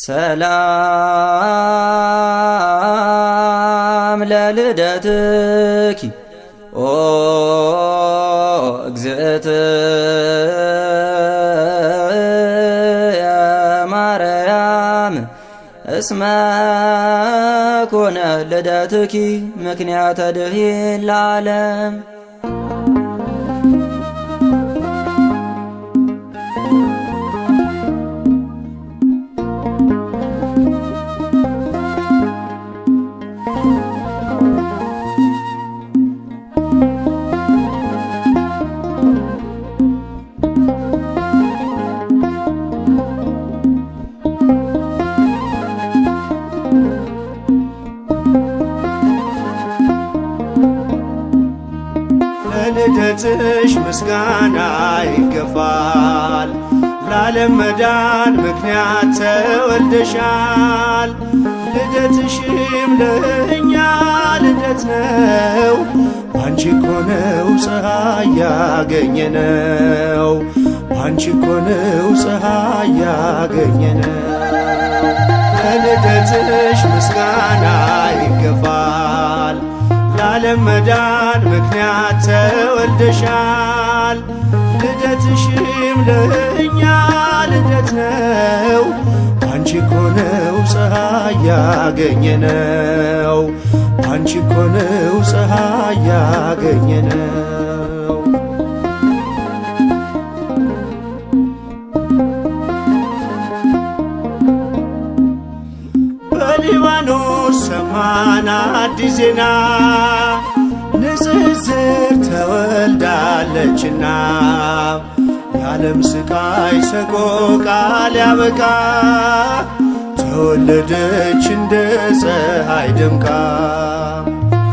ሰላም ለልደትኪ ኦ እግዝእት ማርያም እስመ ኮነ ልደትኪ ምክንያተ ድኂን ለዓለም ክብርሽ ምስጋና ይገባል። ለዓለም መዳን ምክንያት ተወልደሻል። ልደትሽም ለእኛ ልደት ነው። ባንቺ ያገኘ ነው ፀሐይ ያገኘነው። ባንቺ እኮ ነው ፀሐይ ያገኘነው። ከልደትሽ ምስጋና ይገባል። ለዓለም መዳን ምክንያት ተወልደሻል። ልደትሽም ለእኛ ልደት ነው። አንቺ እኮ ነው ፀሐይ ያገኘነው። አንቺ ኮነው ነው ፀሐይ ያገኘነው አንቺ ኮነው ነው ፀሐይ ያገኘነው አዲስ ዜና ንጽጽር ተወልዳለችና የዓለም ስቃይ ሰቆቃ ሊያበቃ ተወለደች እንደ ፀሐይ ደምቃ።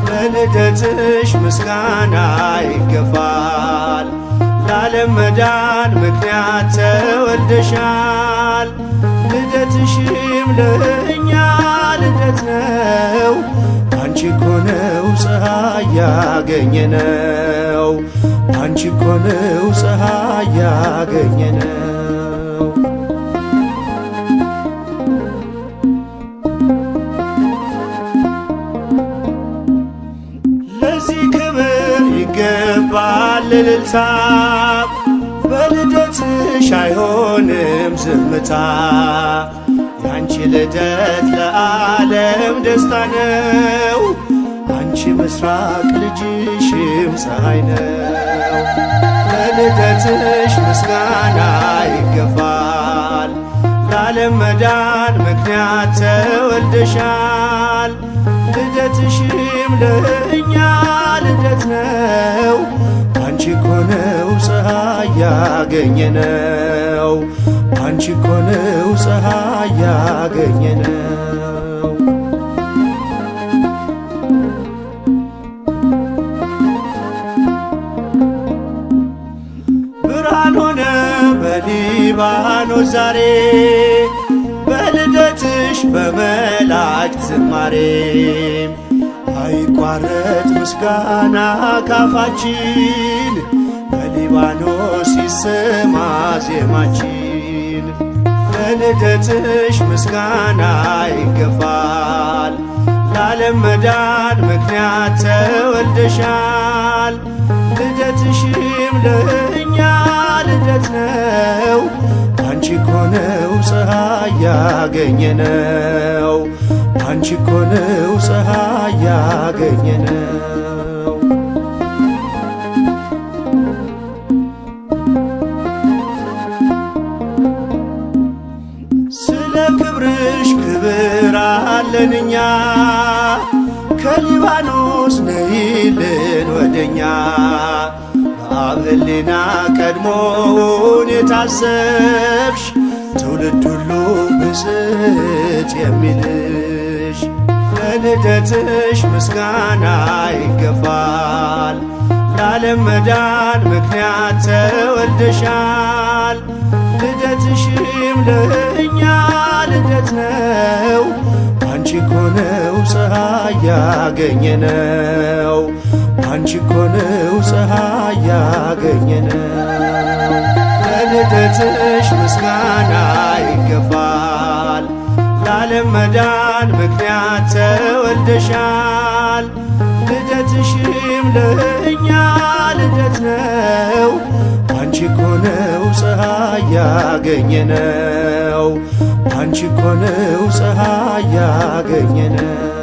ለልደትሽ ምስጋና ይገባል፣ ለዓለም መዳን ምክንያት ተወልደሻል። ልደትሽም ለእኛ ልደት ነው። አንቺ እኮ ነው ፀሐይ ያገኘነው፣ አንቺ እኮ ፀሐይ ያገኘነው። ለዚህ ክብር ይገባል እልልታ ቃልሽ አይሆንም ዝምታ ያንቺ ልደት ለዓለም ደስታ ነው። አንቺ ምስራቅ ልጅሽም ፀሐይ ነው። ለልደትሽ ምስጋና ይገባል። ለዓለም መዳን ምክንያት ተወልደሻል። ልደትሽም ለ ያገኘነው አንቺ ኮነው ፀሐይ ያገኘነው ብርሃን ሆነ በሊባኖስ ዛሬ በልደትሽ በመላእክት ዝማሬ አይቋረጥ ምስጋና ካፋችን ሊባኖስ ይሰማ ዜማችን፣ ለልደትሽ ምስጋና ይገባል። ለዓለም መዳን ምክንያት ተወልደሻል። ልደትሽም ለእኛ ልደት ነው። አንቺ ኮነው ነው ፀሐይ ያገኘነው። አንቺ ኮነው ፀሐይ ያገኘነው። ለአንቺ ክብር አለንኛ ከሊባኖስ ነይልን ወደኛ በአብህሊና ቀድሞውን የታሰብሽ ትውልድ ሁሉ ብስት የሚልሽ ለልደትሽ ምስጋና ይገባል። ለዓለም መዳን ምክንያት ተወልደሻል ልደትሽም ፀሐይ ያገኘነው አንቺ እኮ ነው ፀሐይ ያገኘነው። ለልደትሽ ምስጋና ይገባል። ለዓለም መዳን ምክንያት ተወልደሻል። ልደትሽም ለእኛ ልደት ነው። አንቺ እኮ ነው ፀሐይ ያገኘነው አንቺ እኮ ነው ፀሐይ ያገኘነው።